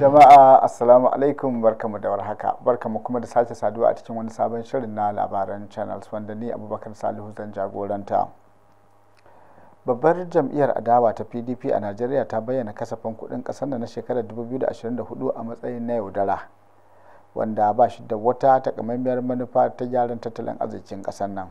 jama'a assalamu alaikum barkamu da warhaka barkamu kuma da sake saduwa a cikin wani sabon shirin na labaran channels wanda ni abubakar salihu zan jagoranta babbar jam'iyyar adawa ta pdp a najeriya ta bayyana kasafin kudin kasar da na shekarar 2024 a matsayin na yaudara wanda ba shi da wata takamaimiyar manufa ta gyaran tattalin arzikin kasar nan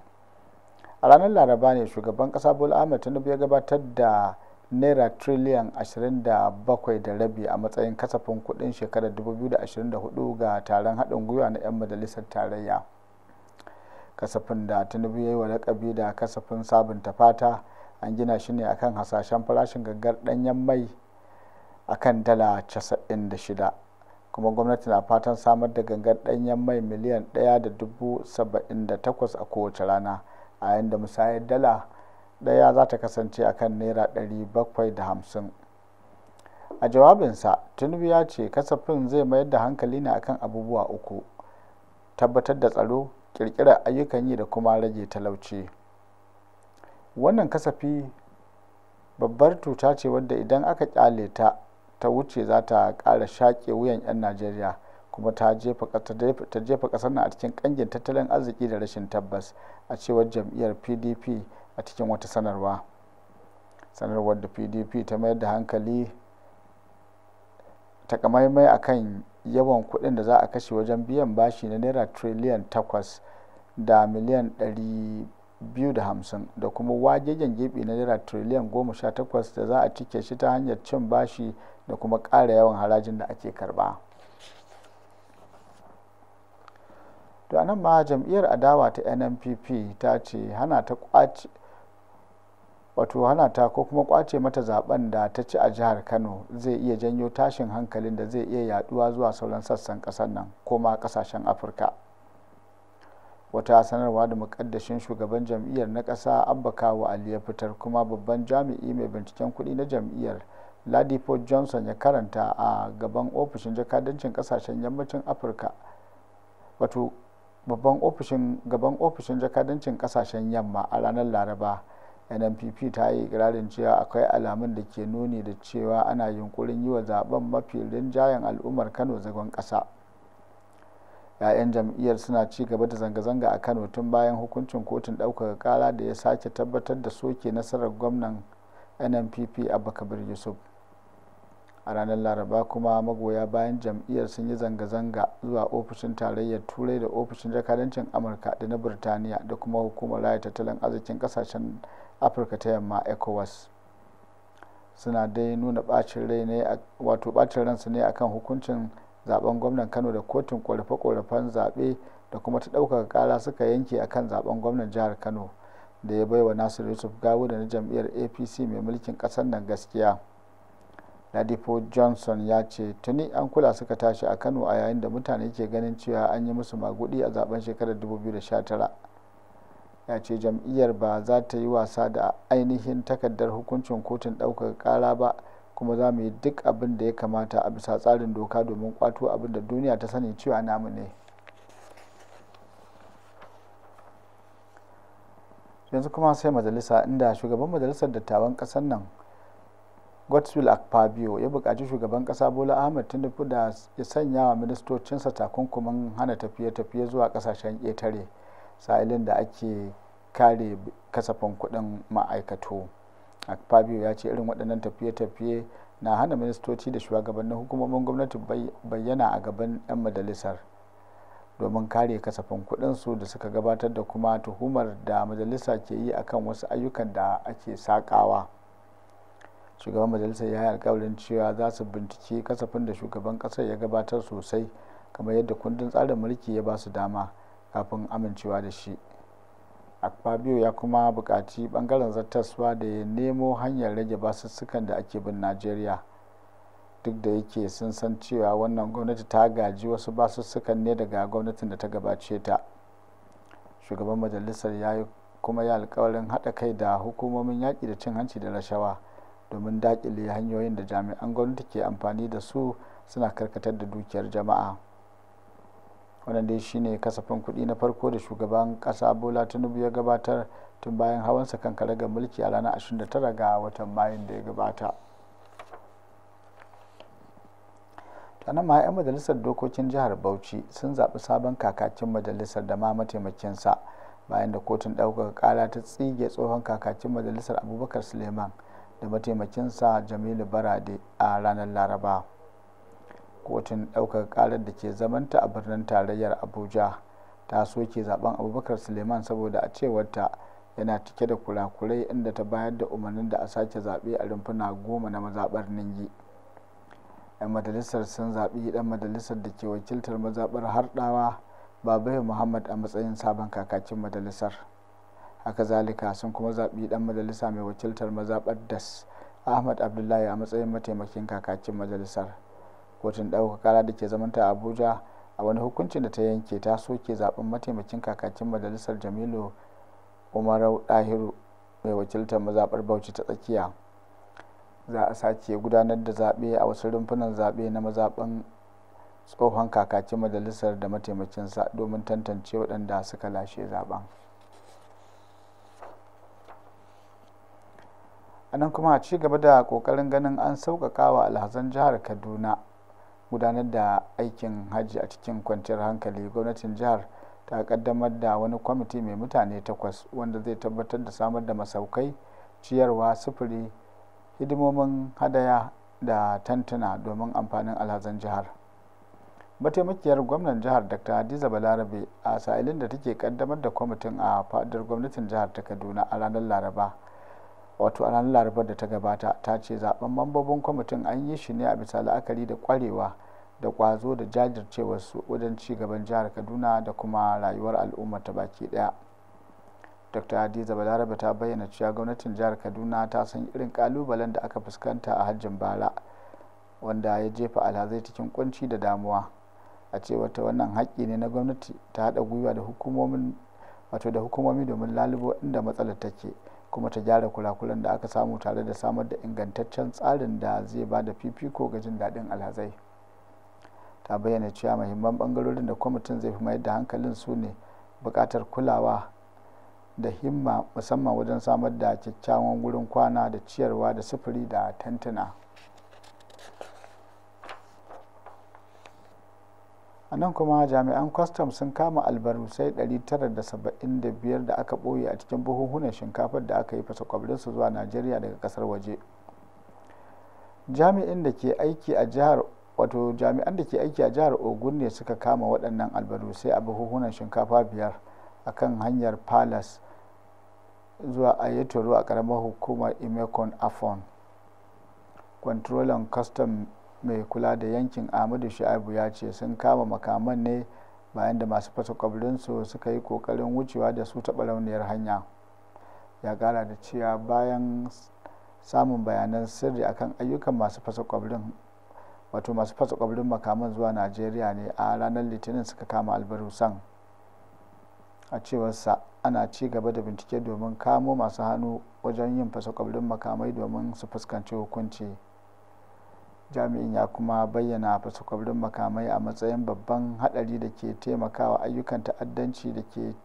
a ranar laraba ne shugaban kasa bola ahmed tinubu ya gabatar da naira triliyan 27.5 da rabi a matsayin kasafin kudin shekarar 2024 ga taron haɗin gwiwa na 'yan majalisar tarayya kasafin da tinubu ya yi wa lakabi da kasafin sabunta fata an gina shi ne akan hasashen farashin gangar ɗanyen mai akan dala 96 kuma gwamnati na fatan samar da gangar ɗanyen mai miliyan 1.78 a kowace rana a yayin da musayar dala daya za ta kasance akan naira 750 a jawabinsa tinubu ya ce kasafin zai mayar da hankali ne akan abubuwa uku tabbatar da tsaro kirkirar ayyukan yi da kuma rage talauci wannan kasafi babbar cuta ce wadda idan aka kyale ta ta wuce za ta kara shaƙe wuyan 'yan najeriya kuma ta jefa ƙasar na a cikin ƙangin tattalin arziki da rashin tabbas a cewar jam'iyyar pdp a cikin wata sanarwa sanarwar da pdp ta mayar da hankali takamaimai a kan yawan kuɗin da za a kashe wajen biyan bashi na naira triliyan takwas da miliyan 250 da kuma wajejen gibi na naira triliyan 18 da za a cike shi ta hanyar cin bashi da kuma ƙara yawan harajin da ake karba. to nan ma jam'iyyar adawa ta nnpp ta ce hana ta kwace wato hana ta ko kuma kwace mata zaben da ta ci a jihar kano zai iya janyo tashin hankalin da zai iya yaduwa zuwa sauran sassan kasar nan ko ma kasashen afirka wata sanarwa da mukaddashin shugaban jam'iyyar na ƙasa abba kawo ali ya fitar kuma babban jami'i mai binciken kuɗi na jam'iyyar ladipo johnson ya karanta a gaban ofishin jakadancin kasashen yammacin afirka wato babban ofishin gaban ofishin jakadancin kasashen yamma a ranar laraba nnpp ta yi ikirarin cewa akwai alamun da ke nuni da cewa ana yunkurin yi wa zaben mafi rinjayen al'ummar kano zagon kasa. yayan jam'iyyar suna ci gaba da zanga-zanga a kano tun bayan hukuncin kotun ɗaukaka kara da ya sake tabbatar da soke nasarar gwamnan nnpp bakabir yusuf a ranar laraba kuma magoya bayan jam'iyyar sun yi zanga-zanga zuwa ofishin tarayyar turai da ofishin jakadancin amurka da na birtaniya da kuma hukumar raya tattalin arzikin kasashen afirka ta yamma ecowas suna dai nuna bacin rai ne wato bacin ransu ne akan hukuncin zaben gwamnan kano da kotun korafe-korafen zaɓe da kuma ta ɗaukaka kara suka yanke akan zaben gwamnan jihar kano da ya baiwa nasiru yusuf gawo da na jam'iyyar apc mai mulkin ƙasar nan gaskiya ladifo johnson ya ce tuni an kula suka tashi a kano a yayin da mutane ke ganin cewa an yi musu magudi a zaben shekarar 2019 ya ce jam'iyyar ba za ta yi wasa da ainihin takardar hukuncin kotun ɗaukar ƙara ba kuma za mu yi duk abin da ya kamata a bisa tsarin doka domin kwato abin da duniya ta sani cewa namu ne yanzu kuma sai majalisa inda shugaban majalisar dattawan ƙasar nan godswill akpabio ya buƙaci shugaban ƙasa bola ahmed tinubu da ya sanya wa ministocinsa takunkumin hana tafiye-tafiye zuwa ƙasashen ƙetare sa'ilin da ake kare kasafin kuɗin ma'aikato fabio ya ce irin waɗannan tafiye-tafiye na hana ministoci da shugabannin hukumomin gwamnati bayyana a gaban 'yan majalisar domin kare kasafin kuɗinsu da suka gabatar da kuma tuhumar da majalisa ke yi akan wasu ayyukan da ake saƙawa shugaban majalisar ya yi alkawarin cewa za su bincike kasafin da shugaban ƙasar ya gabatar sosai kamar yadda kundin tsarin mulki ya ba su dama kafin amincewa da shi akpabio ya kuma buƙaci ɓangaren zartaswa da ya nemo hanyar rage basussukan da ake bin najeriya duk da yake sun san cewa wannan gwamnati ta gaji wasu basussukan ne daga gwamnatin da ta gabace ta shugaban majalisar ya yi kuma ya alkawarin haɗa kai da hukumomin yaƙi da cin hanci da rashawa domin daƙile hanyoyin da jami'an gwamnati ke amfani da su suna karkatar da dukiyar jama'a. wannan dai shine kasafin kuɗi na farko da shugaban ƙasa bola tinubu ya gabatar tun bayan hawansa kan ga mulki a ranar 29 ga watan mayun da ya gabata sannan ma 'yan majalisar dokokin jihar bauchi sun zaɓi sabon kakakin majalisar da ma mataimakinsa bayan da kotun ɗaukaka ƙara ta tsige tsohon kakakin majalisar abubakar suleiman da mataimakinsa jamilu barade a ranar laraba kotun ɗaukar ƙarar da ke zamanta a birnin tarayyar abuja ta soke zaben abubakar suleiman saboda a cewarta yana cike da kurakurai inda ta bayar da umarnin da a sake zaɓe a rumfuna goma na mazaɓar ningi yan majalisar sun zaɓi ɗan majalisar da ke wakiltar mazaɓar harɗawa babai muhammad a matsayin sabon kakakin majalisar haka zalika sun kuma zaɓi ɗan majalisa mai wakiltar mazaɓar das ahmad abdullahi a matsayin mataimakin kakakin majalisar kotun ɗaukaka kara da ke zamanta a abuja a wani hukuncin da ta yanke ta soke zaben mataimakin kakakin majalisar jamilu umarau ɗahiru mai wakiltar mazaɓar bauchi ta tsakiya za a sake gudanar da zaɓe a wasu rumfunan zaɓe na mazaɓin tsohon kakakin majalisar da mataimakinsa domin tantance waɗanda suka lashe zaɓen. a nan kuma a ci gaba da ƙoƙarin ganin an sauƙaƙa wa alhazan jihar kaduna gudanar da aikin hajji a cikin kwanciyar hankali gwamnatin jihar ta kaddamar da wani kwamiti mai mutane takwas wanda zai tabbatar da samar da masaukai ciyarwa sufuri hidimomin hadaya da tantuna domin amfanin alhazan jihar mataimakiyar gwamnan jihar dr hadiza balarabe a sa'ilin da take kaddamar da kwamitin a fadar gwamnatin jihar ta kaduna a ranar laraba wato a ranar larabar da ta gabata ta ce zaben mambobin kwamitin an yi shi ne a bisa la'akari da kwarewa da kwazo da jajircewarsu wajen ci gaban jihar kaduna da kuma rayuwar al'umma ta baki daya. dr hadiza balaraba ta bayyana cewa gwamnatin jihar kaduna ta san irin kalubalen da aka fuskanta a hajjin bara wanda ya jefa alhazai cikin kunci da damuwa a cewar ta wannan haƙƙi ne na gwamnati ta haɗa gwiwa da hukumomin wato da hukumomi domin lalubo inda matsalar take kuma ta gyara kurakuran da aka samu tare da samar da ingantaccen tsarin da zai ba da fifiko ga jin daɗin alhazai ta bayyana cewa mahimman bangarorin da kwamitin zai fi mayar da hankalin su ne bukatar kulawa da himma musamman wajen samar da kyakkyawan wurin kwana da ciyarwa da sufuri da tantana. a nan kuma jami'an kwastam sun kama albarusai 975 da aka ɓoye a cikin buhuhunan shinkafar da aka yi fasakwabrinsu zuwa najeriya daga kasar waje jami'in da ke aiki a jihar wato jami'an da ke aiki a jihar ogun ne suka kama waɗannan sai a buhuhunan shinkafa biyar a kan hanyar palace zuwa ayetoro a ƙaramar hukumar imekon afon kwantrolan kastam mai kula da yankin amadu sha'abu ya ce sun kama makaman ne bayan da masu fasa kwabrinsu suka yi kokarin wucewa da su taɓa launiyar hanya ya gara da cewa bayan samun bayanan sirri akan ayyukan masu fasa kwabrin wato masu fasa kwabrin makaman zuwa najeriya ne a ranar litinin suka kama albarusan a cewarsa ana ci gaba da bincike domin kamo masu hannu wajen yin fasa kwabrin makamai domin su fuskanci hukunci jami'in ya kuma bayyana fasa kwabrin makamai a matsayin babban hadari da ke taimakawa ayyukan ta'addanci da ke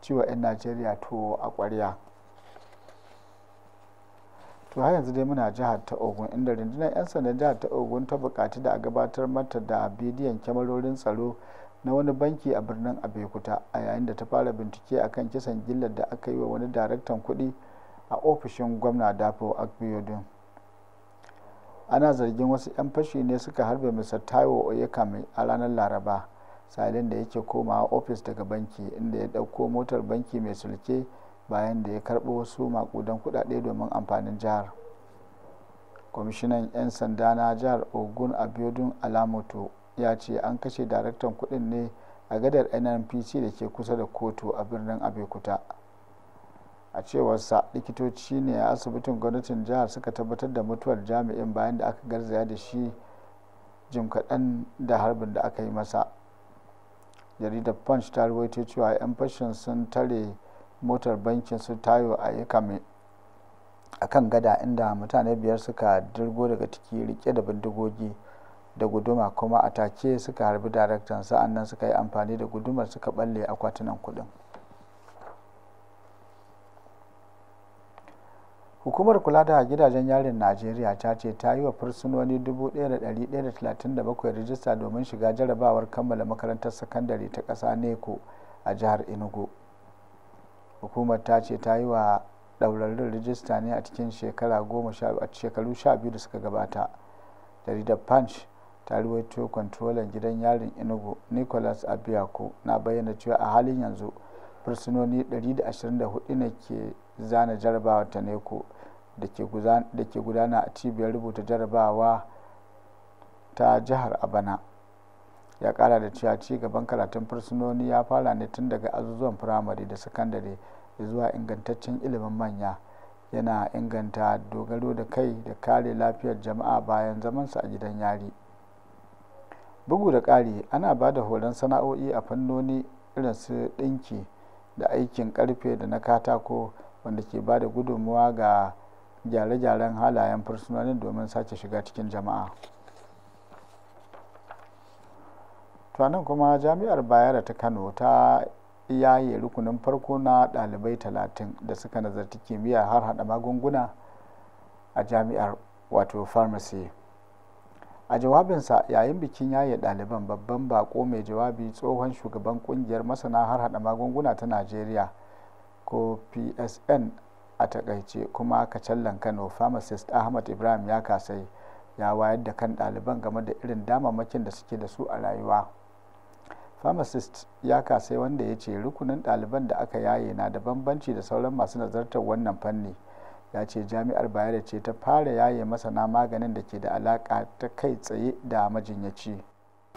ciwo 'yan najeriya to a kwarya to har yanzu dai muna jihar ta ogun inda rundunar 'yan sandan jihar ta ogun ta bukaci da a gabatar mata da bidiyon kyamarorin tsaro na wani banki a birnin abeokuta a yayin da ta fara bincike a kan kisan gillar da aka yi wa wani daraktan kuɗi a ofishin gwamna dafo akbiodun ana zargin wasu 'yan fashi ne suka harbe mr taiwo oyekami a ranar laraba salin da yake komawa ofis daga banki inda ya ɗauko motar banki mai sulke bayan da ya karɓo wasu makudan kudade domin amfanin jihar kwamishinan 'yan sanda na jihar ogun abiodun alamoto ya ce an kashe daraktan kudin ne a gadar nnpc da ke kusa da kotu a birnin abekuta a cewarsa likitoci ne a asibitin gwamnatin jihar suka tabbatar da mutuwar jami'in bayan da aka garzaya da shi jim kaɗan da harbin da aka yi masa jaridar punch ta ruwaito cewa 'yan fashin sun tare motar bankin su tayo a kan gada inda mutane biyar suka dirgo daga ciki rike da bindigogi da guduma kuma a take suka harbi daraktan sa'annan suka yi amfani da gudumar suka balle kwatunan kudin hukumar kula da gidajen yarin najeriya ta ce ta yi wa fursunoni 1137 rijista domin shiga jarabawar kammala makarantar sakandare ta ƙasa neko a jihar enugu hukumar ta ce ta yi wa ɗaurarrun rijista ne a cikin shekaru sha biyu da suka gabata jaridar punch ta ruwaito kwantrolan gidan yarin inugu nicholas abiyako na bayyana cewa a halin yanzu fursunoni 124 ne ke zana jarabawa ta neko da ke gudana a cibiyar rubuta jarabawa ta jihar abana ya kara da cewa ci gaban karatun fursunoni ya fara ne tun daga azuzuwan firamare da sakandare zuwa ingantaccen ilimin manya yana inganta dogaro da kai da kare lafiyar jama'a bayan zamansa a gidan yari bugu da ƙari ana ba da horon sana'o'i a fannoni irin su ɗinki da aikin karfe da na katako wanda ke ba da gudunmuwa ga gyare-gyaren halayen fursunonin domin sake shiga cikin jama'a to kuma jami'ar bayar ta kano ta yaye rukunin farko na dalibai talatin da suka nazarci kimiyya har hada magunguna a jami'ar wato pharmacy a jawabinsa yayin bikin yaye daliban babban bako mai jawabi tsohon shugaban kungiyar masana har hada magunguna ta nigeria ko psn a takaice kuma kacallan kano pharmacist ahmad ibrahim ya kasai ya wayar da kan daliban game da irin damammakin da suke da su a rayuwa. pharmacist ya kasai wanda ya ce rukunin ɗaliban da aka yaye na da bambanci da sauran masu nazartar wannan fanni ya ce jami'ar bayar ce ta fara yaye masana maganin da ke da alaka ta kai tsaye da majinyaci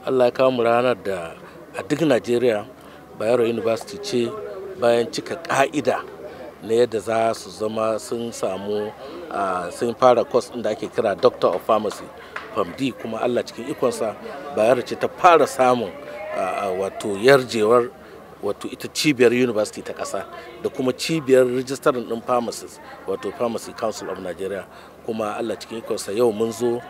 allah ya kawo mu ranar da a duk nigeria bayero university ce bayan cika ka'ida na yadda za su zama sun samu sun fara kwas da ake kira doctor of pharmacy famdi kuma allah cikin ikonsa bayero ce ta fara samun wato yarjewar wato ita cibiyar university ta ƙasa da kuma cibiyar rijistar ɗin pharmacies wato pharmacy council of nigeria kuma allah cikin ikonsa yau mun zo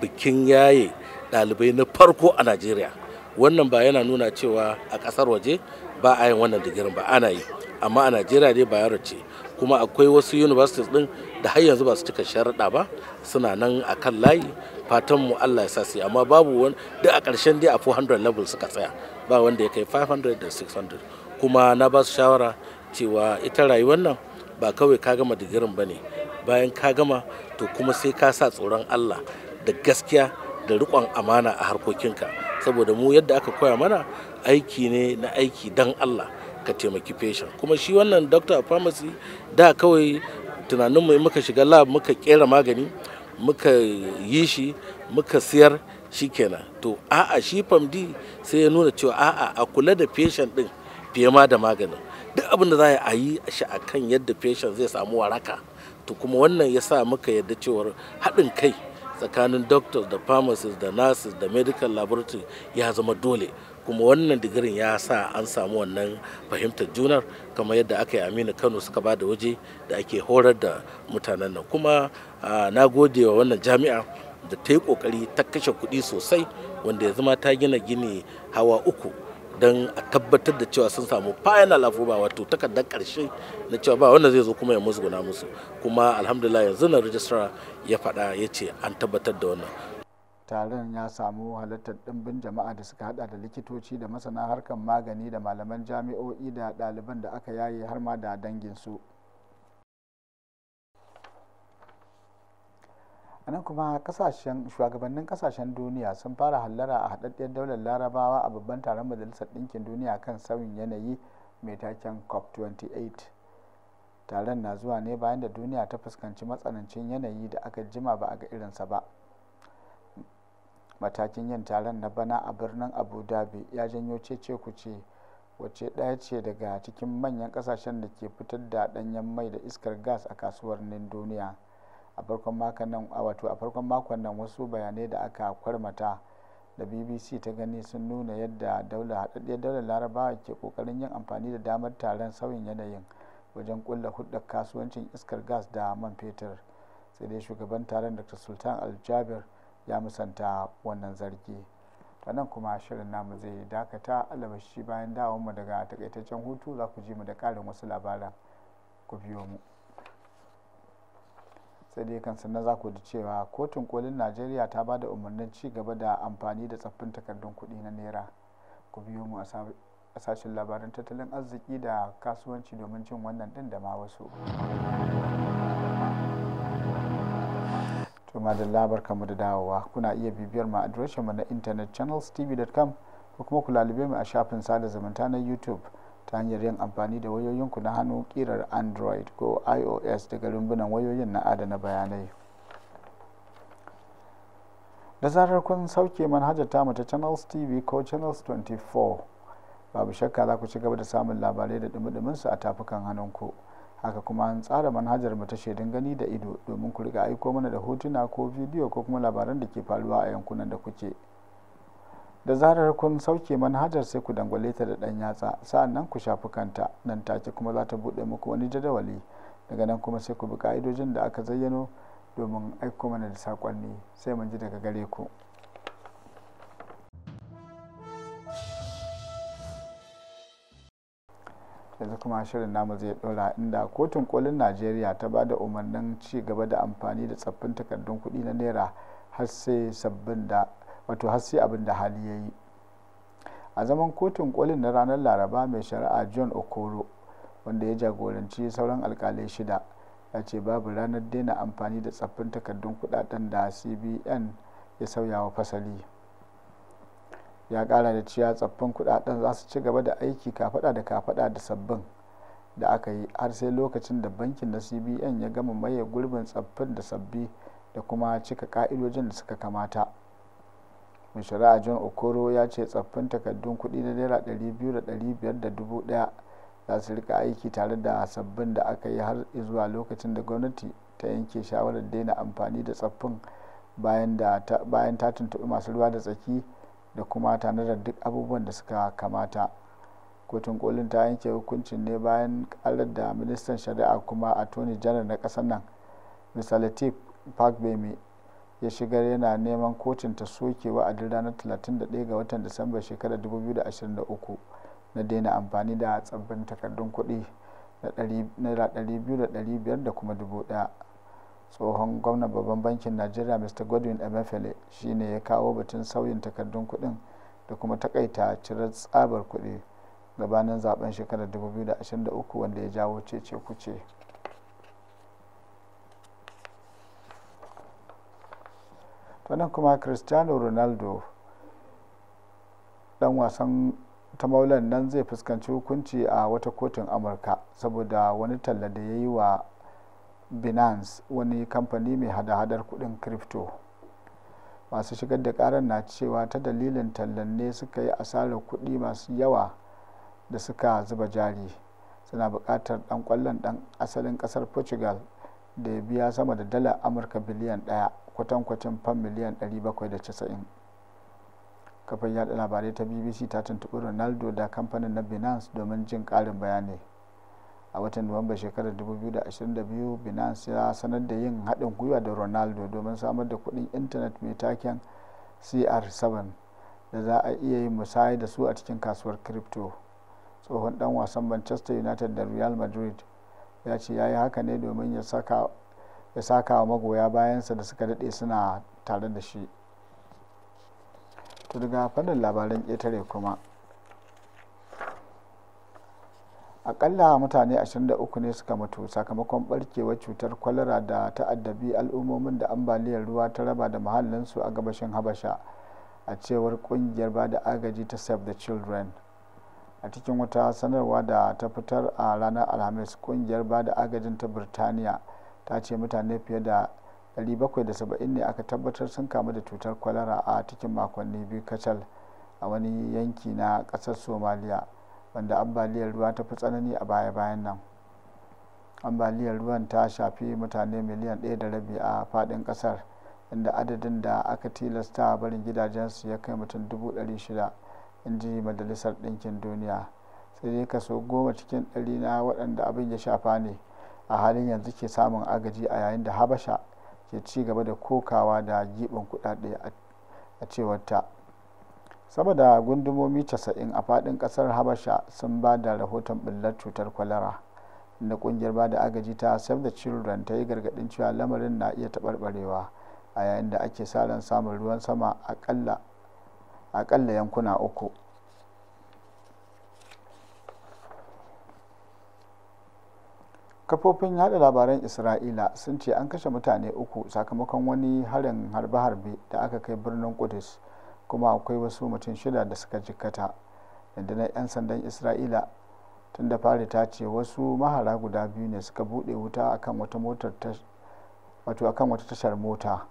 bikin yaye ɗalibai na farko a nigeria wannan ba yana nuna cewa a ƙasar waje ba a yin wannan digirin ba ana yi amma a najeriya dai bayar ce kuma akwai wasu universities din da har yanzu ba su cika sharaɗa ba suna nan a kan layi fatan mu Allah ya sa su amma babu wani duk a ƙarshen dai a 400 level suka tsaya ba wanda ya kai 500 da 600 kuma na ba su shawara cewa ita rayuwar nan ba kawai ka gama digirin ba ne bayan ka gama to kuma sai ka sa tsoron Allah da gaskiya da riƙon amana a harkokinka saboda mu yadda aka koya mana aiki ne na aiki dan Allah ka taimaki patient kuma shi wannan doctor of pharmacy da kawai tunaninmu in muka shiga lab muka kera magani muka yi shi muka siyar shi kenan to a'a shi famdi sai ya nuna cewa a'a a kula da patient din fiye ma da maganin duk abin da za a yi shi a kan yadda patient zai samu waraka to kuma wannan ya sa muka yadda cewar haɗin kai tsakanin doctors da pharmacists da nurses da medical laboratory ya zama dole kuma wannan digirin ya sa an samu wannan fahimtar junar kamar yadda aka yi aminu kano suka ba da waje da ake horar da mutanen nan kuma na gode wa wannan jami'a da ta yi kokari ta kashe kuɗi sosai wanda ya zama ta gina gini hawa uku don a tabbatar da cewa sun samu final ba wato takardar karshe na cewa ba wanda zai zo kuma ya musguna musu kuma alhamdulillah yanzu na rijistara ya faɗa ya ce an tabbatar da wannan taron ya samu halartar ɗimbin jama'a da suka hada da likitoci da masana harkar magani da malaman jami'o'i da ɗaliban da aka yaye har ma da danginsu a nan kuma shugabannin kasashen duniya sun fara hallara a haɗaɗɗiyar daular larabawa a babban taron majalisar ɗinkin duniya kan sauyin yanayi mai taken cop 28 taron na zuwa ne bayan da duniya ta fuskanci matsanancin yanayi da aka jima ba a ga irinsa ba matakin yin taron na bana a birnin abu dhabi ya janyo cece-kuce wacce ɗaya ce daga cikin manyan ƙasashen da ke fitar da ɗanyen mai da iskar gas a kasuwar kasuwannin duniya a farkon makon nan wasu bayanai da aka kwarmata da bbc ta gani sun nuna yadda daular haɗaɗɗiyar daular larabawa ke ƙoƙarin yin amfani da damar taron sauyin yanayin wajen ƙulla hudar kasuwancin iskar gas da man fetur sai dai shugaban taron dr sultan aljabir ya musanta wannan zargi nan kuma shirin namu zai dakata alabashi bayan dawonmu daga takaitaccen hutu za ku ji mu da karin wasu labaran ku biyo mu sai dai kan sannan za ku ji cewa kotun kolin najeriya ta ba da umarnin ci gaba da amfani da tsaffin takardun kuɗi na naira ku biyo mu a sashen labaran tattalin arziki da kasuwanci domin cin wannan ɗin da ma wasu kuma da labar kamar da dawowa kuna iya bibiyar ma adireshin mu na internet channelstv.com ko kuma ku lalube mu a shafin sada zumunta na youtube ta hanyar yin amfani da wayoyinku na hannu kirar android ko ios daga rumbunan wayoyin na adana bayanai da zarar kun sauke manhajar tamu ta channels tv ko channels 24 babu shakka za ku ci gaba da samun labarai da dumi su a tafukan hannunku haka kuma an tsara manhajar mu ta shaidun gani da ido domin ku riga aiko mana da hotuna ko bidiyo ko kuma labaran da ke faruwa a yankunan da kuke da zarar kun sauke manhajar sai ku dangwale ta da dan yatsa sa'an nan ku shafi kanta nan take kuma za ta buɗe muku wani jadawali daga nan kuma sai ku bi ka'idojin da aka zayyano domin aiko mana da sakonni sai mun ji daga gare ku kuma shirin namu zai dora inda kotun kolin najeriya ta ba da umarnin ci gaba da amfani da tsaffin takardun kuɗi na naira har sai har sai abin da hali ya yi a zaman kotun kolin na ranar laraba mai shari'a john okoro wanda ya jagoranci sauran alkalai shida ya ce babu ranar daina amfani da tsaffin takardun kudaden da cbn ya sauya wa fasali ya kara da ciya tsaffin kudaden za su ci gaba da aiki kafada da kafada da sabbin da aka yi har sai lokacin da bankin na cbn ya gama maye gurbin tsaffin da sabbi da kuma cika ka'idojin da suka kamata mai shari'a john okoro ya ce tsaffin takardun kuɗi na naira 200 da da za su rika aiki tare da sabbin da aka yi har zuwa lokacin da gwamnati ta yanke shawarar daina amfani da tsaffin bayan ta tuntuɓi masu ruwa da tsaki da kuma tanadar duk abubuwan da suka kamata kotun kolin ta yanke hukuncin ne bayan karar da ministan shari'a kuma a tuni general na kasar nan mr park beme ya shigar yana neman kotun ta soke wa'adin ranar 31 ga watan disamba shekarar 2023 na daina amfani da tsabbin takardun kuɗi naira 200,500 da kuma 1,000 tsohon gwamnan babban bankin najeriya mr godwin emefele shine ya kawo batun sauyin takardun kuɗin da kuma takaita cirar tsabar kuɗi gabanin zaben shekarar 2023 wanda ya jawo cece kuce nan kuma cristiano ronaldo dan wasan ta maulan nan zai fuskanci hukunci a wata kotun amurka saboda wani talla da ya yi wa binance wani kamfani mai hada-hadar kudin crypto masu shigar da karar na cewa ta dalilin tallan ne suka yi asarar kudi masu yawa da suka zuba jari suna buƙatar ɗan ƙwallon ɗan asalin ƙasar portugal da ya biya sama da dala amurka biliyan ɗaya kwatankwacin fan miliyan 790 kafar yada labarai ta bbc ta tuntuɓi ronaldo da kamfanin na binance domin jin ƙarin bayani a watan nuwamba shekarar 2022 binance ya sanar da yin haɗin gwiwa da ronaldo domin samar da kuɗin intanet mai taken cr7 da za a iya yin musaya da su a cikin kasuwar crypto tsohon dan wasan manchester united da real madrid ya ce ya yi haka ne domin ya saka wa magoya bayansa da suka daɗe suna tare da shi to daga fannin labaran ƙetare kuma akalla mutane 23 ne suka mutu sakamakon barkewar cutar kwalara da ta'addabi al'ummomin da ambaliyar ruwa ta raba da muhallinsu a gabashin habasha a cewar kungiyar ba da agaji ta save the children a cikin wata sanarwa da ta fitar a ranar alhamis kungiyar bada agajin ta birtaniya ta ce mutane fiye da 770 ne aka tabbatar sun kamu da cutar kwalara a cikin makonni biyu kacal a wani yanki na kasar somaliya wanda ambaliyar ruwa ta fi tsanani a baya-bayan nan ambaliyar ruwan ta shafi mutane miliyan ɗaya da rabi a faɗin ƙasar inda adadin da aka tilasta barin gidajensu ya kai mutum dubu in ji majalisar ɗinkin duniya sai dai kaso goma cikin ɗari na waɗanda abin ya shafa ne a halin yanzu ke samun agaji a yayin da habasha ke ci gaba da kokawa da giɓin kuɗaɗe a cewarta saboda gundumomi 90 a faɗin ƙasar habasha sun ba da rahoton ɓullar cutar kwalara inda ƙungiyar ba da agaji ta save the children ta yi gargaɗin cewa lamarin na iya taɓarɓarewa a yayin da ake sa ran samun ruwan sama aƙalla aƙalla yankuna uku kafofin yada labaran isra'ila sun ce an kashe mutane uku sakamakon wani harin harbe-harbe da aka kai birnin kudus kuma akwai wasu mutum shida da suka jikkata na 'yan sandan isra'ila tun da fari ta ce wasu mahara guda biyu ne suka bude wuta akan wata tashar mota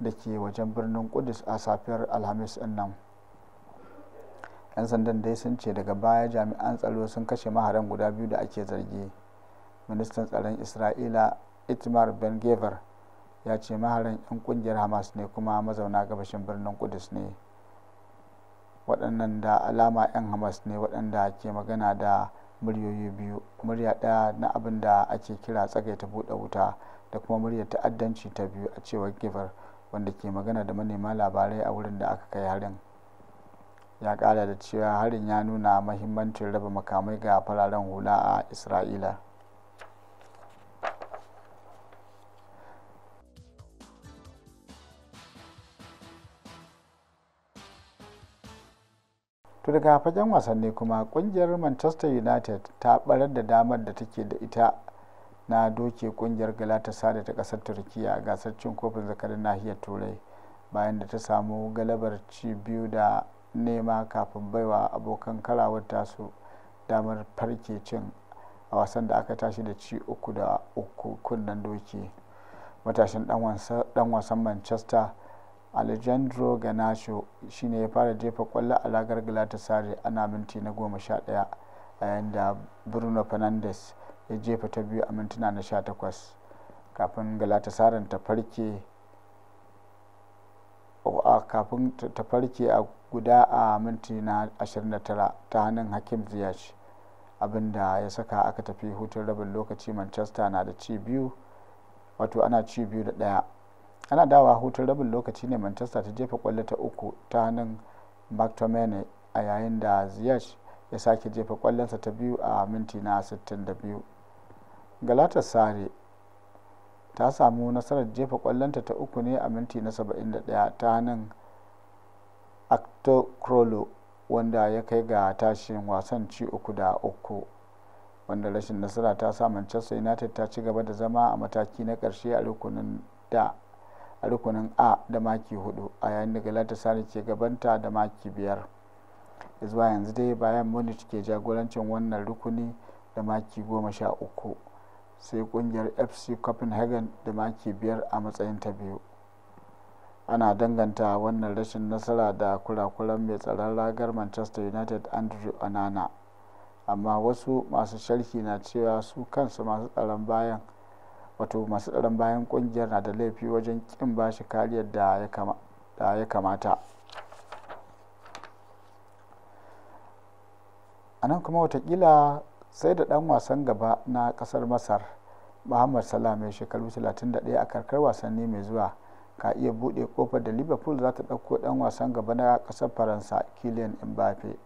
da ke wajen birnin kudus a safiyar alhamis nan 'yan sandan dai sun ce daga baya jami'an tsaro sun kashe maharan guda biyu da ake zargi ministan tsaron isra'ila itmar ben gever ya ce maharan 'yan kungiyar hamas ne kuma mazauna gabashin birnin kudus ne waɗannan da alama 'yan hamas ne waɗanda ke magana da muryoyi biyu murya ɗaya na abin da ake kira tsagaita buɗe wuta da kuma muryar ta'addanci ta biyu a cewar gever wanda ke magana da manema labarai a wurin da aka kai harin ya kara da cewa harin ya nuna mahimmancin raba makamai ga fararen hula a isra'ila to daga fagen wasanni kuma kungiyar manchester united ta barar da damar da take da ita na doke kungiyar galatasaray ta kasar turkiya a gasar cin kofin zakarin nahiyar turai bayan da ta samu galabar ci biyu da nema kafin baiwa abokan karawar tasu damar farke cin a wasan da aka tashi da ci uku da uku kunnen doki matashin dan wasan manchester alejandro ganacho shine ya fara jefa kwallo a lagar galatasaray ana minti na goma sha daya a yayin da bruno fernandes ya jefa ta biyu a mintuna na sha takwas kafin galatasaray ta farke kafin ta farke a guda a minti na 29 ta hannun hakim ziyarci abinda ya saka aka tafi hutun rabin lokaci manchester na da ci biyu wato ana ci biyu da daya ana dawa hutun rabin lokaci ne manchester ta jefa kwallo ta uku ta hannun mctominay a yayin da ziyarci ya sake jefa kwallonsa ta biyu a minti na 62 galatasaray ta samu nasarar jefa kwallonta ta uku ne a minti na 71 ta hannun actocrolo wanda ya kai ga tashin wasan ci uku da uku wanda rashin nasara ta sa manchester united ta ci gaba da zama a mataki na karshe a rukunin a da maki hudu a yayin da galatasaray ke gabanta da maki biyar zuwa yanzu dai bayan munich ke jagorancin wannan rukuni da maki goma sha uku sai kungiyar fc copenhagen da maki biyar a matsayin ta biyu ana danganta wannan rashin nasara da kurakuran mai tsaron ragar manchester united andrew onana amma wasu masu sharhi na cewa su kansu masu tsaron bayan wato masu tsaron bayan kungiyar na da laifi wajen kin bashi kariyar da ya kamata a nan kuma watakila sai da dan wasan gaba na kasar masar muhammad salam mai shekaru 31 a karkar wasanni mai zuwa ka iya buɗe kofar da liverpool za ta ɗauko ɗan wasan gaba na ƙasar faransa kilian mbappe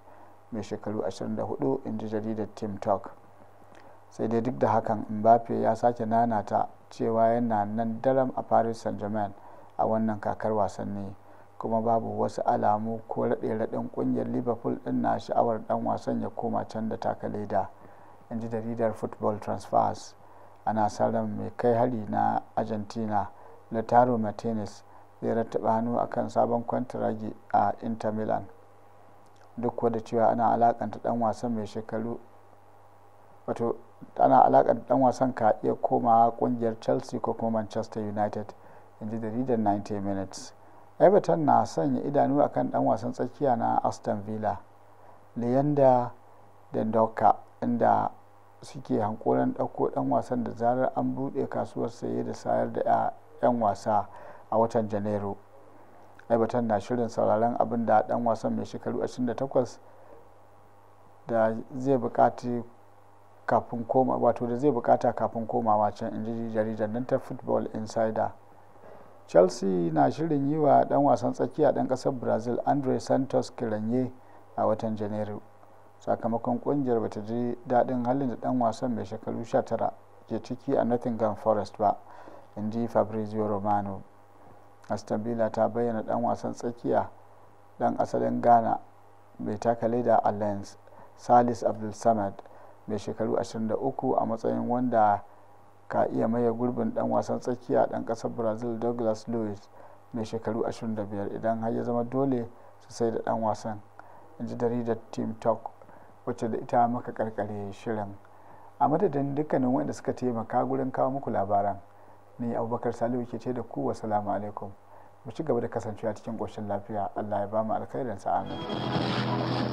mai shekaru 24 in jaridar team talk sai dai duk da hakan mbappe ya sake nanata cewa yana nan daram a paris saint-germain a wannan kakar wasanni kuma babu wasu alamu ko raɗe-raɗen ƙungiyar liverpool ɗin na sha'awar ɗan wasan ya koma can da taka leda in ji jaridar football transfers a nasarar mai kai hari na argentina lautaro martinez zai rattaba hannu akan sabon kwantaragi a inter milan duk wadda cewa ana alakanta dan wasan mai shekaru wato ana alakanta dan wasan ka iya komawa kungiyar chelsea ko kuma manchester united in ji jaridar 90 minutes everton na sanya idanu akan dan wasan tsakiya na aston villa leander dendoka inda suke hankoran ɗauko ɗan wasan da zarar an buɗe kasuwar saye da sayar da 'yan wasa a watan janairu aibatan na shirin sauraron abin da ɗan wasan mai shekaru 28 da zai kafin koma wato da zai bukata kafin komawa can inji jaridar nan ta football insider chelsea na shirin yi wa dan wasan tsakiya dan kasar brazil andre santos kiranye a watan janairu sakamakon kungiyar bata ji daɗin halin da ɗan wasan mai shekaru 19 ke ciki a nottingham forest ba in ji fabrizio romano aston villa ta bayyana ɗan wasan tsakiya dan asalin ghana mai taka leda a lens salis abdulsamad mai shekaru 23 a matsayin wanda ka iya maye gurbin ɗan wasan tsakiya ɗan ƙasar brazil douglas lewis mai shekaru 25 idan har ya zama dole su sai da ɗan wasan in ji jaridar team talk wacce da ita maka karkare shirin a madadin dukkanin wanda suka taimaka gurin kawo muku labaran ni abubakar salihu ke ce da ku wasalamu alaikum mu ci gaba da kasancewa cikin koshin lafiya allah ya ba mu alkhairin amin